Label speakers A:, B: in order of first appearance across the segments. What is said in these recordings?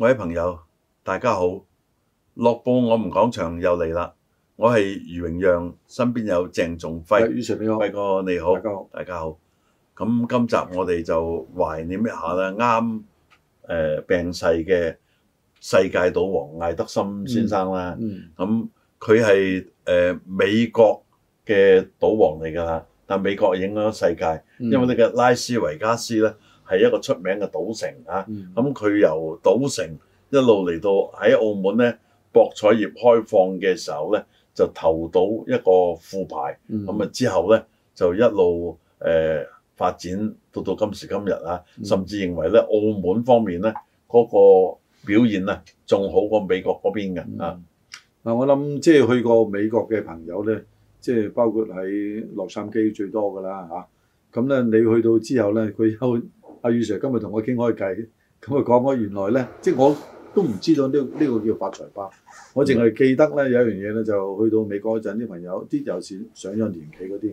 A: 各位朋友，大家好！樂報，我們講場又嚟啦。我係余榮陽，身邊有鄭仲輝，余 Sir 你好，輝哥你好，大家好。咁今集我哋就懷念一下啦，啱誒病逝嘅世界賭王艾德森先生啦。咁佢係誒美國嘅賭王嚟噶啦，但美國影響世界，嗯、因為呢個拉斯維加斯咧。係一個出名嘅賭城啊！咁佢、嗯、由賭城一路嚟到喺澳門咧，博彩業開放嘅時候咧，就投到一個副牌，咁啊之後咧就一路誒、呃、發展到到今時今日啊！嗯、甚至認為咧澳門方面咧嗰、嗰個表現呢、嗯、啊，仲好過美國嗰邊
B: 嘅啊！嗱，我諗即係去過美國嘅朋友咧，即係包括喺洛杉磯最多噶啦嚇。咁咧，你去到之後咧，佢又阿雨 Sir 今日同我傾開偈，咁佢講我原來咧，即係我都唔知道呢呢個叫發財巴，我淨係記得咧有樣嘢咧，就去到美國嗰陣啲朋友啲尤其係上咗年紀嗰啲，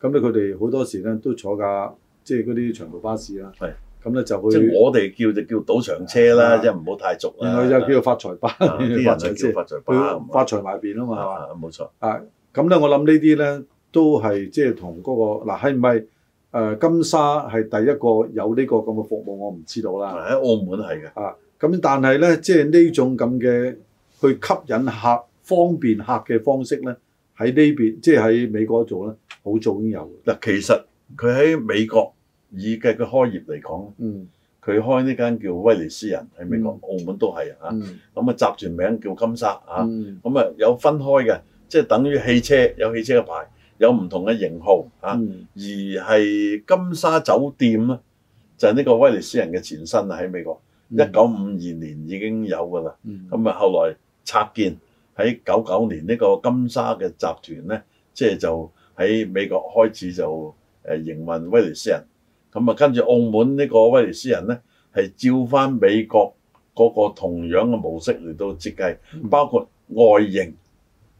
B: 咁咧佢哋好多時咧都坐架即係嗰啲長途巴士啦，係，咁咧就去，我哋
A: 叫就叫賭場車啦，即係唔好
B: 太俗啦，然後就叫發財
A: 巴，啲人就
B: 叫發財巴啊，發財埋邊啊嘛。啊冇錯，啊咁咧我諗呢啲咧都係即係同嗰個嗱係唔係？誒、呃、金沙係第一個有呢個咁嘅服務，我唔知道啦。喺澳門係嘅。嚇、啊，咁但係咧，即係呢種咁嘅去吸引客、方便客嘅方式咧，喺呢邊即係喺美國做咧，好早已經有。嗱，其實佢喺美國以嘅佢開業嚟講，
A: 佢、嗯、開呢間叫威尼斯人喺美國，嗯、澳門都係啊。咁啊集團名叫金沙啊，咁啊，啊，啊，啊、嗯、有分開嘅，即、就、係、是、等於汽車有汽車嘅牌。有唔同嘅型號啊，而係金沙酒店咧，就係、是、呢個威尼斯人嘅前身啦。喺美國，一九五二年已經有㗎啦。咁啊、嗯，嗯、後來拆建喺九九年呢、這個金沙嘅集團咧，即係就喺、是、美國開始就誒營運威尼斯人。咁啊，跟住澳門呢個威尼斯人咧，係照翻美國嗰個同樣嘅模式嚟到設計，嗯、包括外形。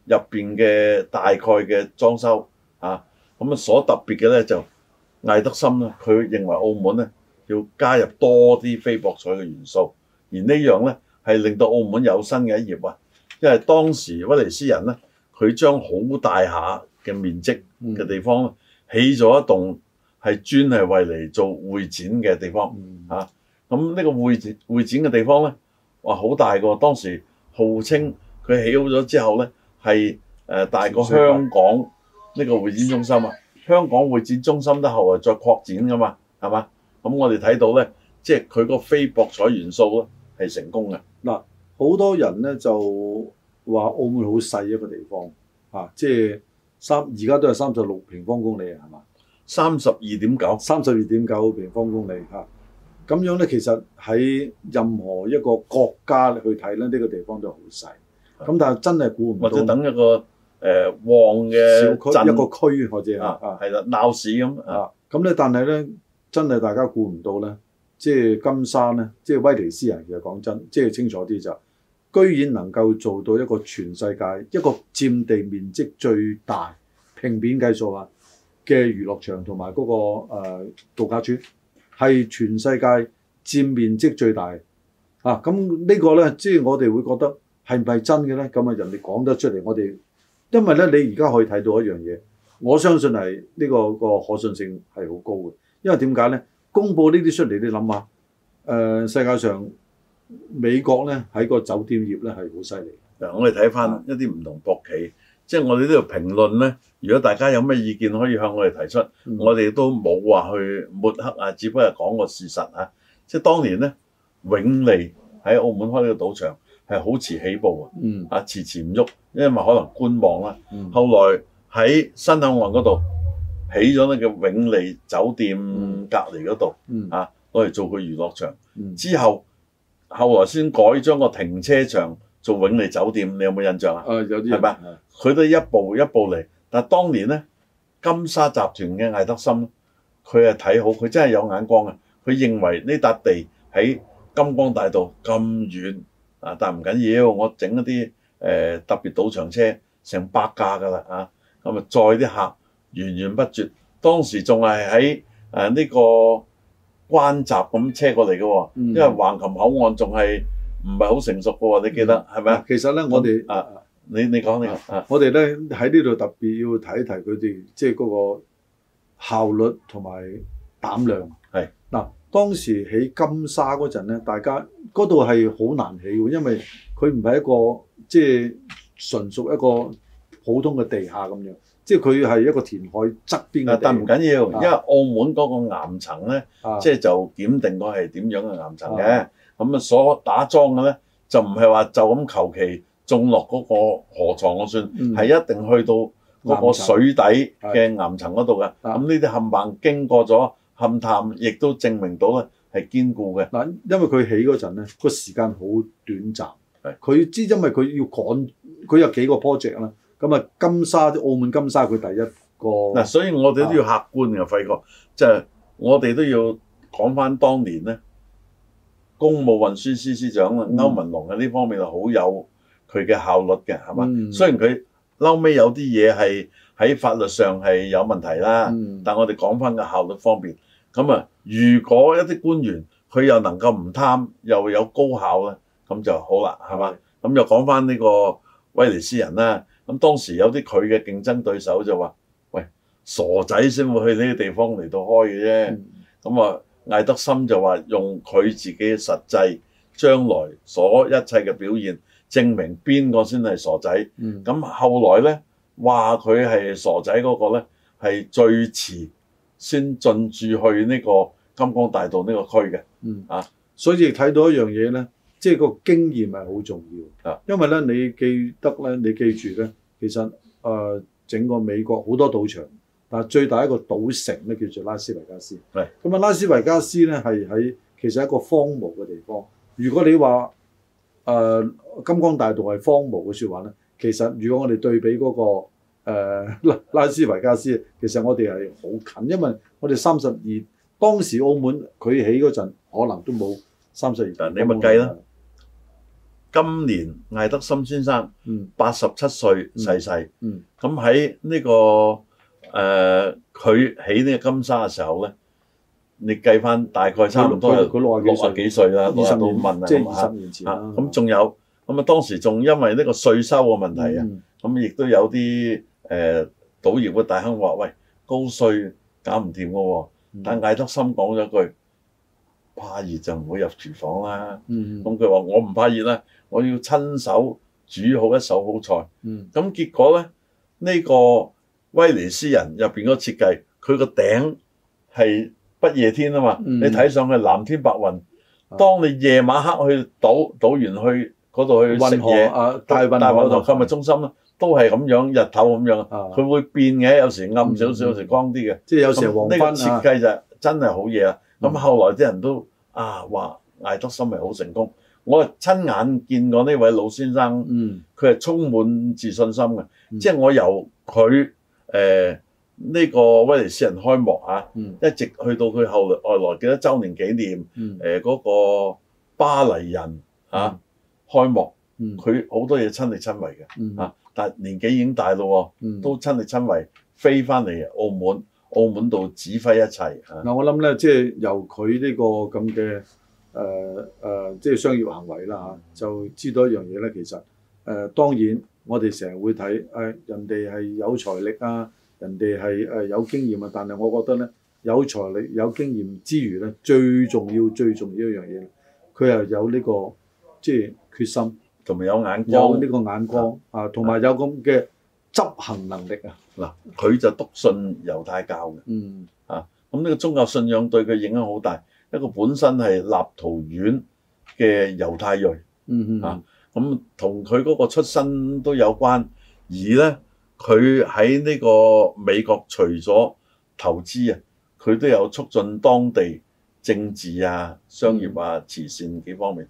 A: 入邊嘅大概嘅裝修啊，咁啊，所特別嘅呢，就艾德森呢，佢認為澳門呢要加入多啲非博彩嘅元素，而呢樣呢係令到澳門有新嘅一頁啊。因為當時威尼斯人呢，佢將好大下嘅面積嘅地方起咗、嗯、一棟係專係為嚟做會展嘅地方啊。咁呢個會展會展嘅地方呢，哇、啊、好大個！當時號稱佢起好咗之後呢。係誒、呃、大過香港呢個會展中心啊！香港會展中心都後來再擴展噶嘛，係嘛？咁我哋睇到咧，
B: 即係佢個非博彩元素咯，係成功嘅。嗱，好多人咧就話澳門好細一個地方啊！即係三而家都係三十六平方公里係嘛？三十二點九，三十二點九平方公里嚇。咁、啊、樣咧，其實喺任何一個國家去睇咧，呢、呢個地方都係好細。咁但係真係估唔到，或者等一
A: 個誒旺嘅一個
B: 區，或者啊啊
A: 係啦鬧市咁
B: 啊，咁咧、啊啊，但係咧真係大家估唔到咧，即係金山咧，即係威尼斯人其實講真，即係清楚啲就，居然能夠做到一個全世界一個佔地面積最大、平面計數啊嘅娛樂場同埋嗰個誒度假村，係全世界佔面積最大啊！咁呢個咧，即係我哋會覺得。係唔係真嘅咧？咁啊，人哋講得出嚟，我哋因為咧，你而家可以睇到一樣嘢，我相信係呢、呢個個可信性係好高嘅。因為點解咧？公佈呢啲出嚟，你諗下，誒、呃、世界上美國咧喺個酒店業咧係好犀利。
A: 嗱，我哋睇翻
B: 一啲唔同博企，的即係我哋呢度評論咧。如果大家有咩意
A: 見，可以向我哋提出，的我哋都冇話去抹黑啊，只不過講個事實嚇、啊。即係當年咧，永利喺澳門開呢個賭場，係好遲起步、嗯、啊！嗯，啊遲遲唔喐，因為可能觀望啦。嗯、後來喺新口岸嗰度起咗呢個永利酒店隔離嗰度，嗯、啊攞嚟做個娛樂場。嗯、之後後來先改將個停車場做永利酒店。你有冇印象啊？啊有啲係咪？佢吧的都一步一步嚟。但係當年咧，金沙集團嘅艾德森，佢係睇好，佢真係有眼光啊！佢認為呢笪地喺金光大道咁遠。啊！但唔緊要，我整一啲誒、呃、特別賭場車，成百架噶啦啊！咁啊，載啲客源源不絕。當時仲係喺誒呢個關閘咁車過嚟嘅喎，嗯、因為橫琴口岸仲係唔係好成熟嘅喎？你記得係咪啊？嗯、吧其實咧，
B: 我哋啊，你你講你，啊啊、我哋咧喺呢度特別要提一提佢哋，即係嗰個效率同埋膽量。係嗱的。當時起金沙嗰陣咧，大家嗰度係好難起，因為佢唔係一個即係純屬一個普通嘅地下咁樣，即係佢係一個填海側邊嘅。但唔緊要，啊、因為澳門嗰個岩層咧，啊、即係就檢定到
A: 係點樣嘅岩層嘅，咁啊、嗯嗯、所打樁嘅咧，就唔係話就咁求其種落嗰個河床就算，係、嗯、一定去到嗰個水底嘅岩層嗰度嘅。咁呢啲冚唪唥經過咗。勘探亦都證明到咧係堅
B: 固嘅嗱，因為佢起嗰陣咧個時間好短暫，佢知的因為佢要趕，佢有幾個 project 啦，咁啊金沙啲澳門金沙佢第一個嗱、啊，所以我哋都要客
A: 觀嘅費哥，即係、啊、我哋都要講翻當年咧，公務運輸司司長、嗯、歐文龍喺呢方面就好有佢嘅效率嘅，係嘛？嗯、雖然佢後尾有啲嘢係喺法律上係有問題啦，嗯、但我哋講翻個效率方面。咁啊，如果一啲官員佢又能夠唔貪又有高效咧，咁就好啦，係嘛？咁的就講翻呢個威尼斯人啦。咁當時有啲佢嘅競爭對手就話：喂，傻仔先會去呢啲地方嚟到開嘅啫。咁啊、嗯，艾德森就話用佢自己實際將來所一切嘅表現，證明邊個先係傻仔。咁、嗯、後來咧話佢係傻仔嗰個咧
B: 係最遲。先進駐去呢個金光大道呢個區嘅，嗯啊，所以睇到一樣嘢呢，即係個經驗係好重要啊。因為呢，你記得呢，你記住呢，其實誒整個美國好多賭場，但係最大一個賭城呢，叫做拉斯維加斯，係咁啊。拉斯維加斯呢，係喺其實一個荒蕪嘅地方。如果你話誒金光大道係荒蕪嘅説話呢，其實如果我哋對比嗰個。誒、uh, 拉斯維加斯其實我哋係好近，因為我哋三十二，當時澳門佢起嗰陣可能都冇三十二，嗱你咪計啦。今年艾德森
A: 先生八十七歲，逝世，咁喺呢個誒佢起呢個金沙嘅時候咧，你計翻大概差唔多，多，佢六十幾歲啦？六啊到問，即係二十年前。咁仲有咁啊？啊嗯、當時仲因為呢個稅收嘅問題啊，咁亦都有啲。誒，賭業嘅大亨話，喂，高稅搞唔掂㗎喎，但艾德森講咗句，怕熱就唔好入廚房啦。咁佢話，我唔怕熱啦，我要親手煮好一手好菜。咁結果咧，呢個威尼斯人入邊嗰設計，佢個頂係不夜天啊嘛，你睇上去藍天白雲。當你夜晚黑去賭，賭完去嗰度去食嘢啊，大運大運河購物中心啦。都係咁樣，日頭咁樣，佢會變嘅。有時暗少少，有時光啲嘅。嗯嗯、即係有時黃昏啊！呢個設計就真係好嘢啊！咁後來啲人都啊話艾德森係好成功。我親眼見過呢位老先生，佢係、嗯、充滿自信心嘅。嗯、即係我由佢誒呢個威尼斯人開幕啊，嗯、一直去到佢後來幾多周年紀念誒嗰、嗯呃嗰個巴黎人啊開幕，佢好、嗯、多嘢親力親為嘅啊！嗯但年紀已經大咯，都親力親為飛翻嚟澳門，澳門度指揮一切。嗱、
B: 嗯，我諗咧，即、就、係、是、由佢呢個咁嘅誒誒，即、呃、係、呃就是、商業行為啦嚇、啊，就知道一樣嘢咧。其實誒、呃，當然我哋成日會睇誒、哎，人哋係有財力啊，人哋係誒有經驗啊。但係我覺得咧，有財力、有經驗之餘咧，最重要、最重要一樣嘢，佢又有呢、這個即係、就是、決心。同埋有眼光，有呢個眼光啊，同埋有咁嘅執行能力啊。嗱，佢就篤信
A: 猶太教嘅，嗯啊，咁呢個宗教信仰對佢影響好大。嗯、一個本身係立陶宛嘅猶太裔，
B: 嗯
A: 嗯啊，咁同佢嗰個出身都有關。而咧，佢喺呢個美國除咗投資啊，佢都有促進當地政治啊、商業啊、慈善幾方面。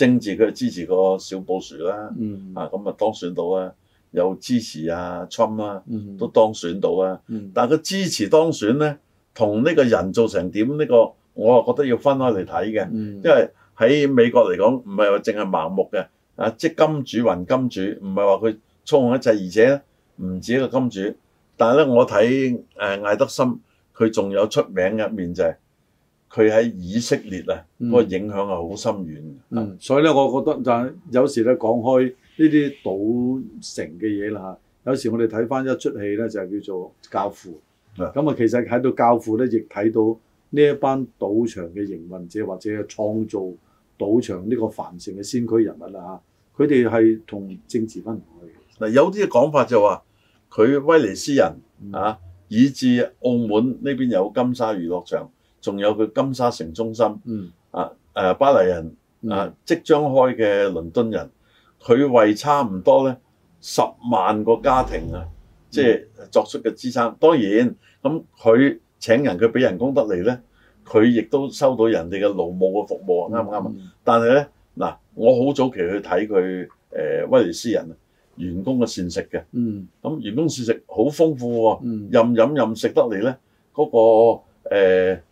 A: 政治佢支持個小布殊啦，嗯、啊咁啊當選到啊，有支持啊，親啊、嗯、都當選到啊。嗯、但係佢支持當選咧，同呢個人做成點呢、呢個，我啊覺得要分開嚟睇嘅。因為喺美國嚟講，唔係話淨係盲目嘅，啊即金主還金主，唔係話佢操控一切，而且唔止一個金主。但係咧，我睇誒、呃、艾德森，佢仲有出名一面就係。佢喺以色列啊，
B: 嗰個影響係好深遠嘅，嗯，所以咧，我覺得就係有時咧講開呢啲賭城嘅嘢啦嚇。有時我哋睇翻一出戲咧，就係叫做《教父》。咁啊的，其實喺度《教父》咧，亦睇到呢一班賭場嘅營運者或者係創造賭場呢個繁盛嘅先驅人物啦嚇。佢哋係同政治分唔開嘅嗱。有啲嘅講法就話、是、佢威尼斯人啊，以
A: 至澳門呢邊有金沙娛樂場。仲有佢金沙城中心、嗯、啊！誒、呃、巴黎人、嗯、啊，即將開嘅倫敦人，佢為差唔多咧十萬個家庭啊，即係作出嘅支撐。嗯、當然咁，佢請人佢俾人工得嚟咧，佢亦都收到人哋嘅勞務嘅服務啊，啱唔啱啊？嗯、但係咧嗱，我好早期去睇佢誒威尼斯人員工嘅膳食嘅，咁員工膳食好豐富喎，任飲任食得嚟咧，嗰個、呃呃呃呃呃呃呃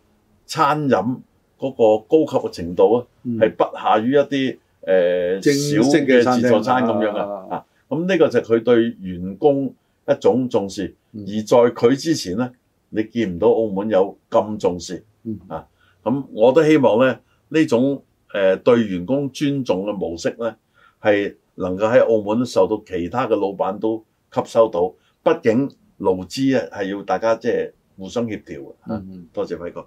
A: 餐飲嗰個高級嘅程度啊，係、嗯、不下於一啲誒小嘅自助餐咁樣啊。咁呢、啊、個就係佢對員工一種重視，嗯、而在佢之前呢你見唔到澳門有咁重視啊。咁我都希望咧呢種誒、呃、對員工尊重嘅模式呢係能夠喺澳門受到其他嘅老闆都吸收到。畢竟勞資啊係要大家即係互相協調啊。多謝偉哥。